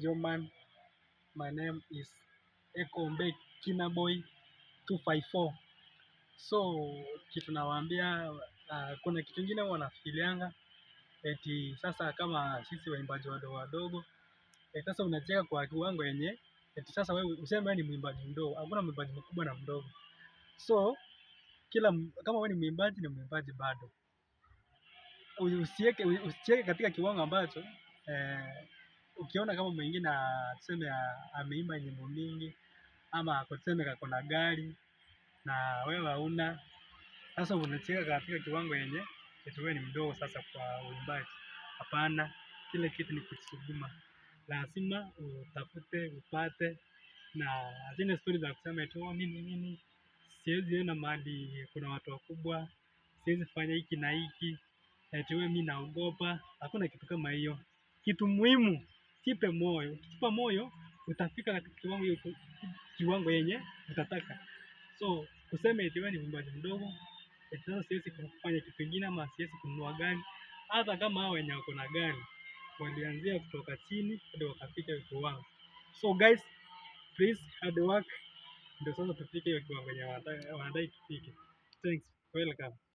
German. My name is Ekombek Kinaboy 254. So kitu nawaambia uh, kuna kitu ingine wanafikirianga eti sasa kama sisi waimbaji wadogo wadogo eti eh, sasa unacheka kwa kiwango yenye eti sasa wewe useme ni mwimbaji mdogo, hakuna mwimbaji mkubwa na mdogo. So kila kama wewe ni mwimbaji ni mwimbaji bado, usiweke usicheke katika kiwango ambacho eh, ukiona kama mwingine tuseme ameimba nyimbo mingi ama tuseme kako na gari na wewe hauna, sasa unacheka katika kiwango yenye kitu wewe ni mdogo sasa kwa uimbaji. Hapana, kile kitu ni kusuguma lazima utafute upate, na zile stori za kusema tu oh, nini nini siwezi enda mahali kuna watu wakubwa, siwezi fanya hiki na hiki, eti wewe mimi naogopa. Hakuna kitu kama hiyo. Kitu muhimu Jipe moyo. Ukijipa moyo utafika katika kiwango hiyo, kiwango yenye utataka. So kusema eti wewe ni mwimbaji mdogo, eti sasa siwezi kufanya kitu kingine ama siwezi kununua gari. Hata kama hao wenye wako na gari walianzia kutoka chini hadi wakafika hiyo kiwango. So guys, please hard work ndio sasa tufike hiyo kiwango yenye wanadai tufike. Thanks. Welcome.